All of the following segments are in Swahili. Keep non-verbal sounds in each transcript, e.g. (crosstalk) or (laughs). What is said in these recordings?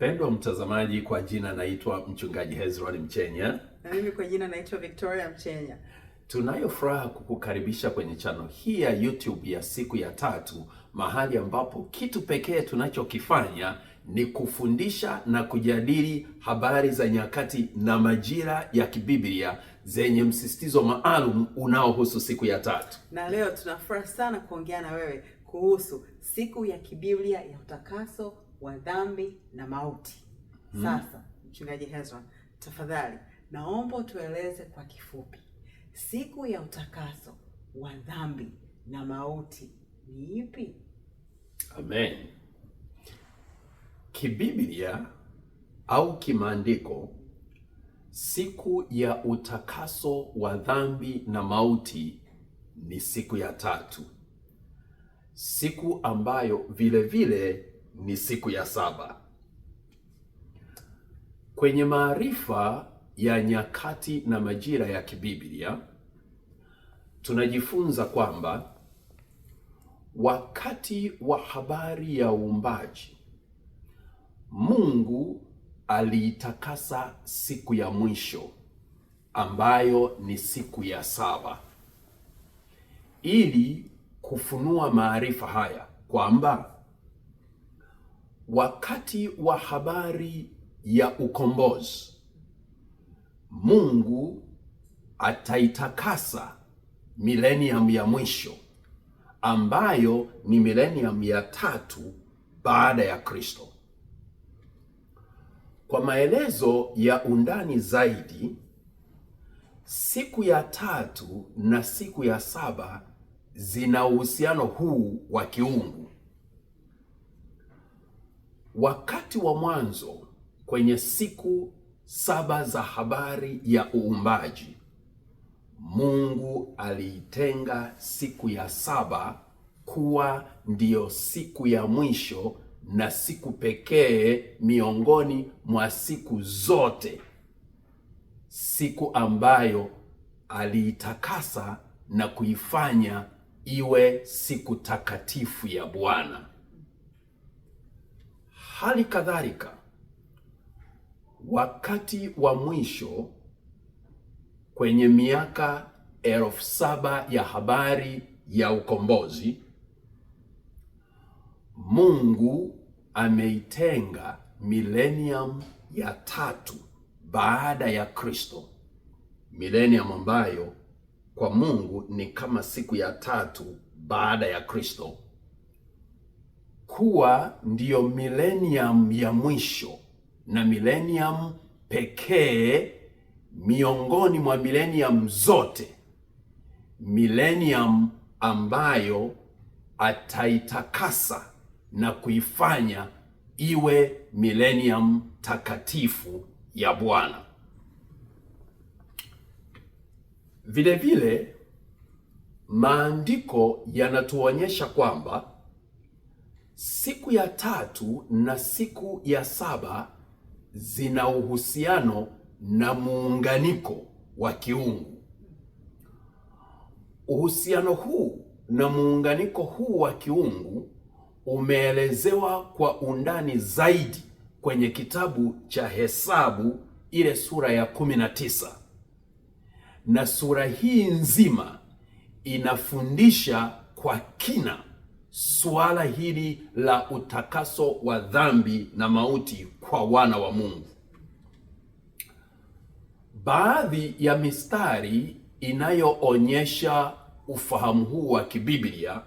Mpendwa mtazamaji, kwa jina naitwa mchungaji Hezron Mchenya. Na mimi kwa jina naitwa Victoria Mchenya. Tunayo furaha kukukaribisha kwenye channel hii ya YouTube ya siku ya tatu, mahali ambapo kitu pekee tunachokifanya ni kufundisha na kujadili habari za nyakati na majira ya kibiblia zenye msisitizo maalum unaohusu siku ya tatu. Na leo tunafurahi sana kuongea na wewe kuhusu siku ya kibiblia ya utakaso wa dhambi na mauti. Hmm. Sasa mchungaji Hezron, tafadhali naomba utueleze kwa kifupi siku ya utakaso wa dhambi na mauti ni ipi? Amen. Kibiblia au kimaandiko, siku ya utakaso wa dhambi na mauti ni siku ya tatu, siku ambayo vile vile ni siku ya saba. Kwenye maarifa ya nyakati na majira ya kibiblia tunajifunza kwamba wakati wa habari ya uumbaji Mungu aliitakasa siku ya mwisho ambayo ni siku ya saba ili kufunua maarifa haya kwamba Wakati wa habari ya ukombozi, Mungu ataitakasa milenium ya mwisho ambayo ni milenium ya tatu baada ya Kristo. Kwa maelezo ya undani zaidi, siku ya tatu na siku ya saba zina uhusiano huu wa kiungu wakati wa mwanzo kwenye siku saba za habari ya uumbaji, Mungu aliitenga siku ya saba kuwa ndiyo siku ya mwisho na siku pekee miongoni mwa siku zote, siku ambayo aliitakasa na kuifanya iwe siku takatifu ya Bwana. Hali kadhalika wakati wa mwisho kwenye miaka elfu saba ya habari ya ukombozi, Mungu ameitenga milenium ya tatu baada ya Kristo, milenium ambayo kwa Mungu ni kama siku ya tatu baada ya Kristo kuwa ndiyo milenium ya mwisho na milenium pekee miongoni mwa milenium zote, milenium ambayo ataitakasa na kuifanya iwe milenium takatifu ya Bwana. Vilevile maandiko yanatuonyesha kwamba Siku ya tatu na siku ya saba zina uhusiano na muunganiko wa kiungu. Uhusiano huu na muunganiko huu wa kiungu umeelezewa kwa undani zaidi kwenye kitabu cha Hesabu ile sura ya kumi na tisa na sura hii nzima inafundisha kwa kina suala hili la utakaso wa dhambi na mauti kwa wana wa Mungu. Baadhi ya mistari inayoonyesha ufahamu huu wa kibiblia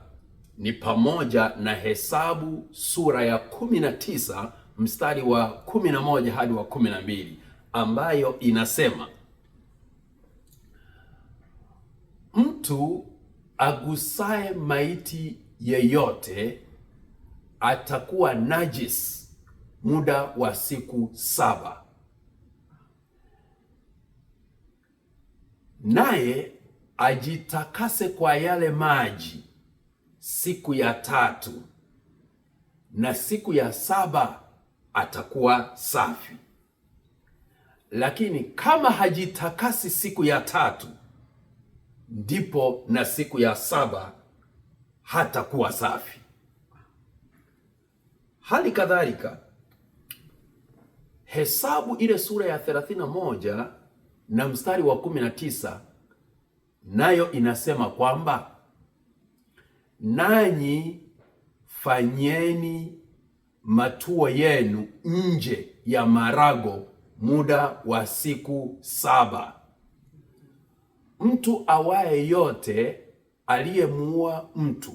ni pamoja na Hesabu sura ya 19 mstari wa 11 hadi wa 12 ambayo inasema mtu agusaye maiti yeyote atakuwa najis muda wa siku saba, naye ajitakase kwa yale maji siku ya tatu, na siku ya saba atakuwa safi. Lakini kama hajitakasi siku ya tatu, ndipo na siku ya saba hata kuwa safi. Hali kadhalika Hesabu ile sura ya 31 na mstari wa 19 nayo inasema kwamba nanyi fanyeni matuo yenu nje ya marago muda wa siku saba. Mtu awaye yote aliyemuua mtu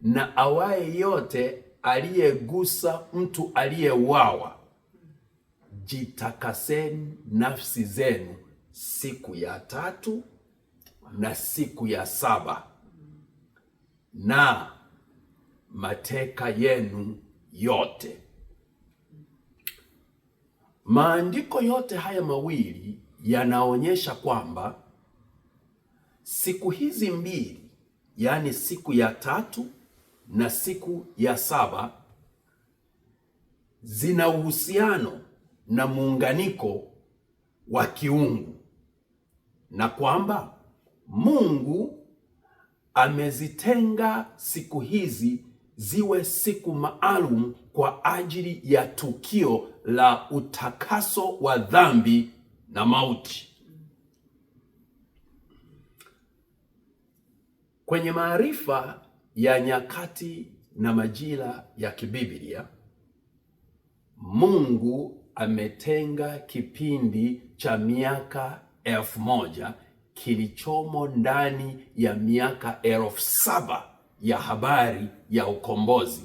na awaye yote aliyegusa mtu aliyeuawa, jitakaseni nafsi zenu siku ya tatu na siku ya saba, na mateka yenu yote. Maandiko yote haya mawili yanaonyesha kwamba siku hizi mbili, yaani siku ya tatu na siku ya saba zina uhusiano na muunganiko wa kiungu na kwamba Mungu amezitenga siku hizi ziwe siku maalum kwa ajili ya tukio la utakaso wa dhambi na mauti. Kwenye maarifa ya nyakati na majira ya kibiblia, Mungu ametenga kipindi cha miaka elfu moja kilichomo ndani ya miaka elfu saba ya habari ya ukombozi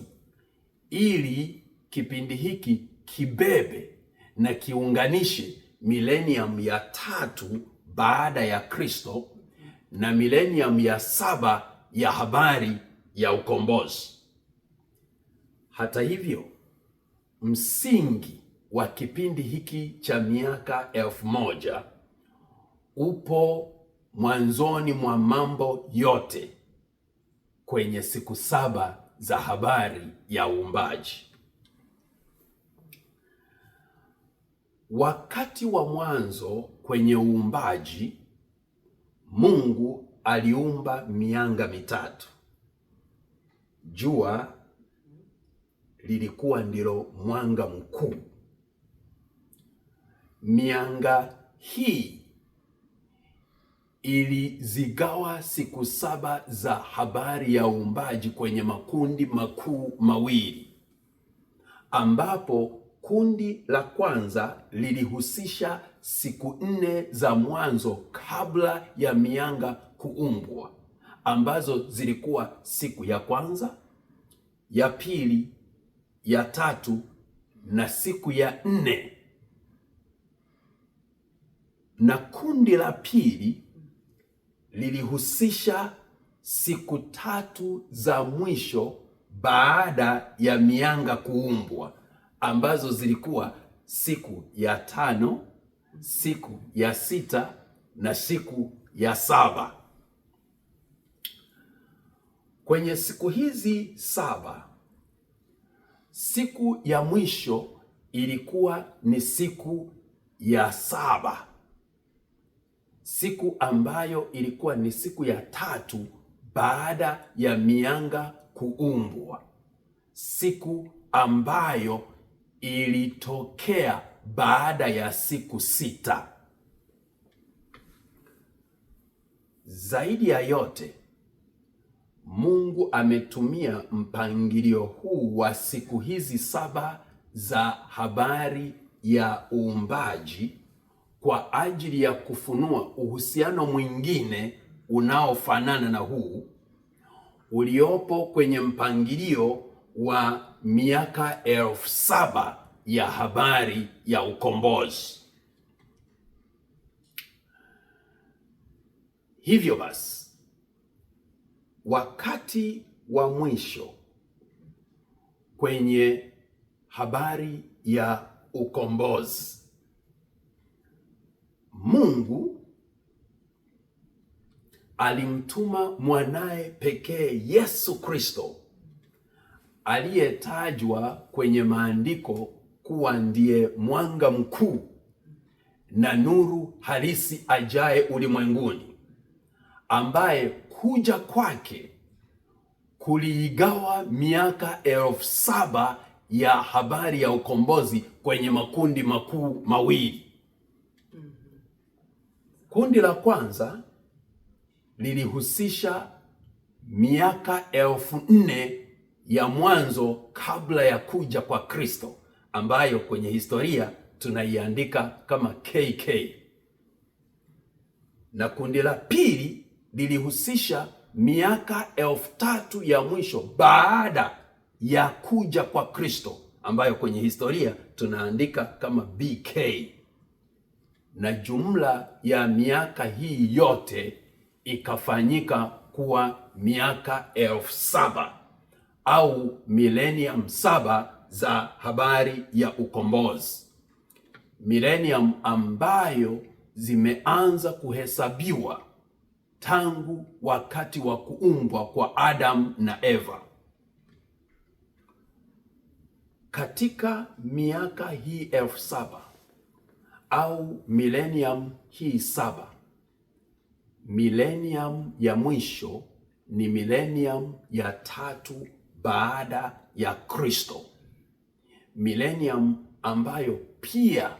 ili kipindi hiki kibebe na kiunganishe milenium ya tatu baada ya Kristo na milenium ya saba ya habari ya ukombozi. Hata hivyo, msingi wa kipindi hiki cha miaka elfu moja upo mwanzoni mwa mambo yote kwenye siku saba za habari ya uumbaji. Wakati wa mwanzo kwenye uumbaji Mungu aliumba mianga mitatu. Jua lilikuwa ndilo mwanga mkuu. Mianga hii ilizigawa siku saba za habari ya uumbaji kwenye makundi makuu mawili ambapo Kundi la kwanza lilihusisha siku nne za mwanzo kabla ya mianga kuumbwa ambazo zilikuwa siku ya kwanza, ya pili, ya tatu na siku ya nne. Na kundi la pili lilihusisha siku tatu za mwisho baada ya mianga kuumbwa ambazo zilikuwa siku ya tano, siku ya sita na siku ya saba. Kwenye siku hizi saba, siku ya mwisho ilikuwa ni siku ya saba, siku ambayo ilikuwa ni siku ya tatu baada ya mianga kuumbwa, siku ambayo ilitokea baada ya siku sita. Zaidi ya yote, Mungu ametumia mpangilio huu wa siku hizi saba za habari ya uumbaji kwa ajili ya kufunua uhusiano mwingine unaofanana na huu uliopo kwenye mpangilio wa miaka elfu saba ya habari ya ukombozi. Hivyo basi, wakati wa mwisho kwenye habari ya ukombozi, Mungu alimtuma mwanaye pekee Yesu Kristo aliyetajwa kwenye maandiko kuwa ndiye mwanga mkuu na nuru halisi ajaye ulimwenguni, ambaye kuja kwake kuliigawa miaka elfu saba ya habari ya ukombozi kwenye makundi makuu mawili. Kundi la kwanza lilihusisha miaka elfu nne ya mwanzo kabla ya kuja kwa Kristo ambayo kwenye historia tunaiandika kama KK. Na kundi la pili lilihusisha miaka elfu tatu ya mwisho baada ya kuja kwa Kristo ambayo kwenye historia tunaandika kama BK. Na jumla ya miaka hii yote ikafanyika kuwa miaka elfu saba au millennium saba za habari ya ukombozi, millennium ambayo zimeanza kuhesabiwa tangu wakati wa kuumbwa kwa Adam na Eva. Katika miaka hii elfu saba au millennium hii saba, millennium ya mwisho ni millennium ya tatu baada ya Kristo, milenium ambayo pia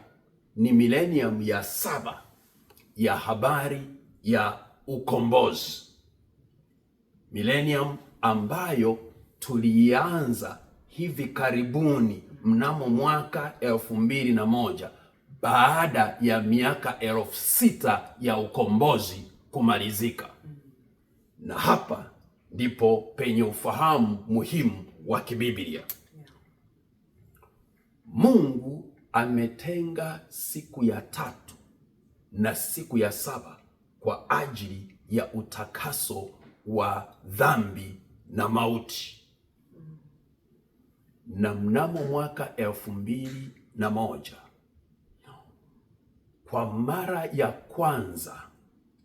ni milenium ya saba ya habari ya ukombozi, milenium ambayo tulianza hivi karibuni mnamo mwaka elfu mbili na moja baada ya miaka elfu sita ya ukombozi kumalizika, na hapa ndipo penye ufahamu muhimu wa kibiblia. Mungu ametenga siku ya tatu na siku ya saba kwa ajili ya utakaso wa dhambi na mauti. Na mnamo mwaka elfu mbili na moja kwa mara ya kwanza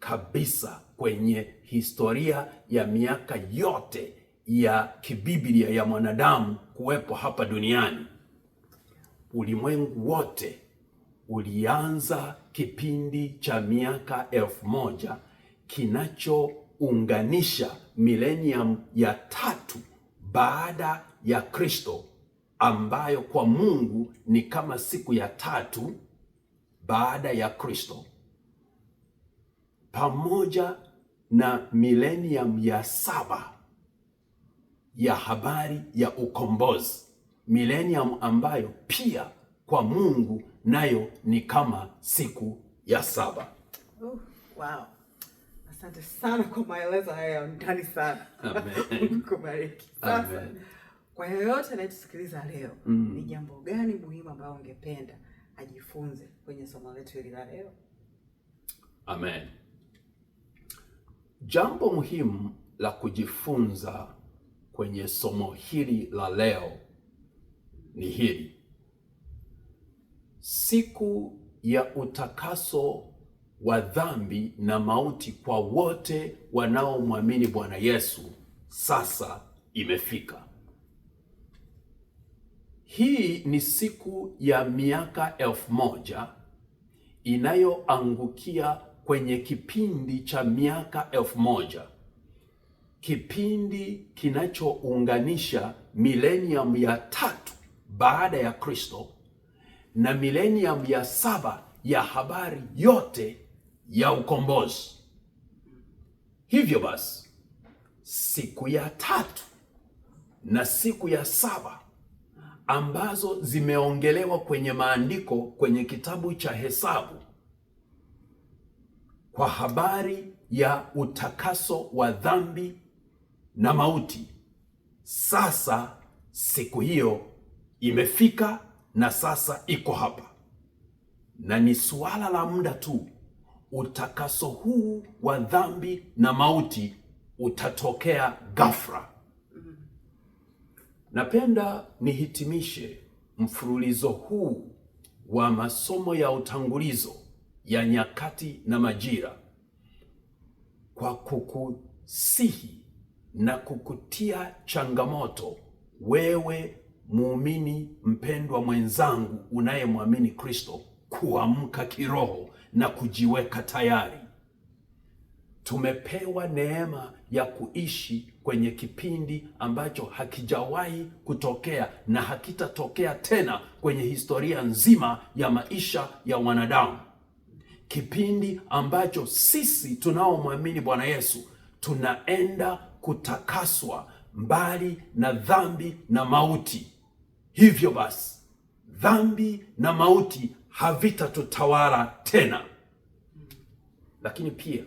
kabisa kwenye historia ya miaka yote ya kibiblia ya mwanadamu kuwepo hapa duniani. Ulimwengu wote ulianza kipindi cha miaka elfu moja kinachounganisha milenium ya tatu baada ya Kristo, ambayo kwa Mungu ni kama siku ya tatu baada ya Kristo pamoja na milenium ya saba ya habari ya ukombozi, milenium ambayo pia kwa Mungu nayo ni kama siku ya saba. Oh, wow. Asante sana kwa maelezo hayo ndani sana. Amen. (laughs) Kubariki. Sasa, Amen. Kwa yoyote anayetusikiliza leo mm. ni jambo gani muhimu ambalo ungependa ajifunze kwenye somo letu hili la leo? Amen. Jambo muhimu la kujifunza kwenye somo hili la leo ni hili: siku ya utakaso wa dhambi na mauti kwa wote wanaomwamini Bwana Yesu sasa imefika. Hii ni siku ya miaka elfu moja inayoangukia kwenye kipindi cha miaka elfu moja kipindi kinachounganisha milenium ya tatu baada ya Kristo na milenium ya saba ya habari yote ya ukombozi. Hivyo basi, siku ya tatu na siku ya saba ambazo zimeongelewa kwenye maandiko kwenye kitabu cha Hesabu kwa habari ya utakaso wa dhambi na mauti. Sasa siku hiyo imefika na sasa iko hapa, na ni suala la muda tu. Utakaso huu wa dhambi na mauti utatokea ghafla. Napenda nihitimishe mfululizo huu wa masomo ya utangulizo ya nyakati na majira, kwa kukusihi na kukutia changamoto wewe muumini mpendwa mwenzangu unayemwamini Kristo kuamka kiroho na kujiweka tayari. Tumepewa neema ya kuishi kwenye kipindi ambacho hakijawahi kutokea na hakitatokea tena kwenye historia nzima ya maisha ya wanadamu kipindi ambacho sisi tunaomwamini Bwana Yesu tunaenda kutakaswa mbali na dhambi na mauti. Hivyo basi dhambi na mauti havitatutawala tena. Lakini pia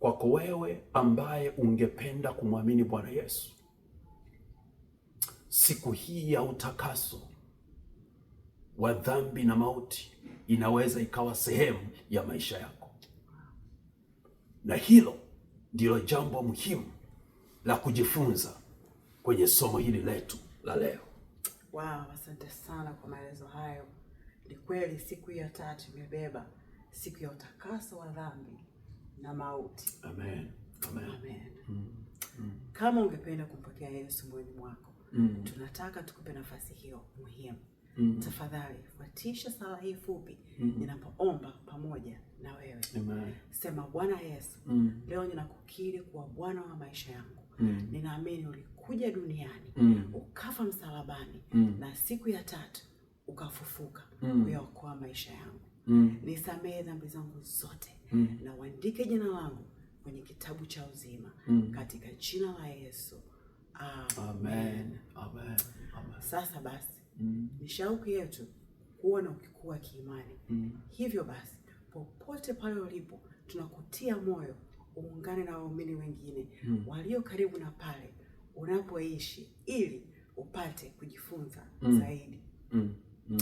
kwako wewe ambaye ungependa kumwamini Bwana Yesu, siku hii ya utakaso wa dhambi na mauti inaweza ikawa sehemu ya maisha yako, na hilo ndilo jambo muhimu la kujifunza kwenye somo hili letu la leo. Wow, asante sana kwa maelezo hayo. Ni kweli siku ya tatu imebeba siku ya utakaso wa dhambi na mauti. Amen. Amen. Amen. Mm. Mm. Kama ungependa kumpokea Yesu moyoni mwako, mm. tunataka tukupe nafasi hiyo muhimu mm. tafadhali fuatisha sala hii fupi mm. ninapoomba pamoja na wewe Amen. Sema Bwana Yesu mm. leo ninakukiri kuwa Bwana wa maisha yangu mm. ninaamini ulikuja duniani mm. ukafa msalabani mm. na siku ya tatu ukafufuka mm. kuyaokoa maisha yangu mm. nisamehe dhambi zangu zote mm. na uandike jina langu kwenye kitabu cha uzima mm. katika jina la Yesu Amen. Amen. Amen. Amen. Sasa basi mm. ni shauku yetu kuwa na kiimani mm. Hivyo basi popote pale ulipo, tunakutia moyo uungane na waumini wengine mm. walio karibu na pale unapoishi ili upate kujifunza mm. zaidi mm. Mm.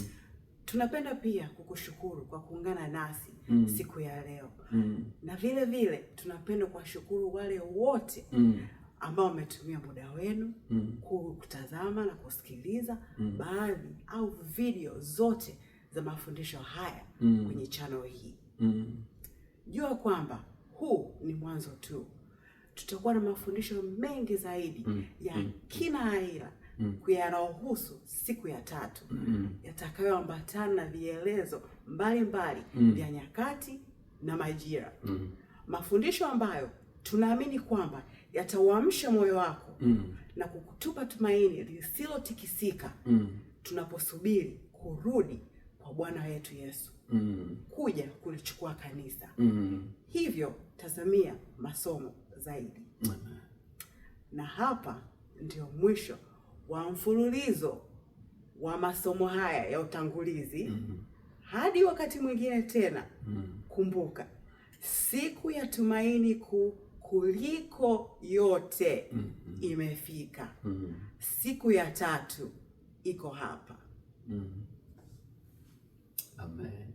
Tunapenda pia kukushukuru kwa kuungana nasi mm. siku ya leo mm. na vile vile tunapenda kuwashukuru wale wote mm ambao wametumia muda wenu mm. kutazama na kusikiliza mm. baadhi au video zote za mafundisho haya mm. kwenye channel hii mm. jua kwamba huu ni mwanzo tu. Tutakuwa na mafundisho mengi zaidi mm. ya mm. kina aina mm. yanayohusu siku ya tatu mm. yatakayoambatana na vielezo mbalimbali mm. vya nyakati na majira mm. mafundisho ambayo tunaamini kwamba yatauamsha moyo wako mm. na kukutupa tumaini lisilotikisika mm. tunaposubiri kurudi kwa Bwana wetu Yesu mm. kuja kulichukua kanisa mm. hivyo tazamia masomo zaidi mm. na hapa ndio mwisho wa mfululizo wa masomo haya ya utangulizi mm. hadi wakati mwingine tena mm. kumbuka siku ya tumaini kuu kuliko yote mm -hmm. imefika mm -hmm. siku ya tatu iko hapa mm -hmm. Amen.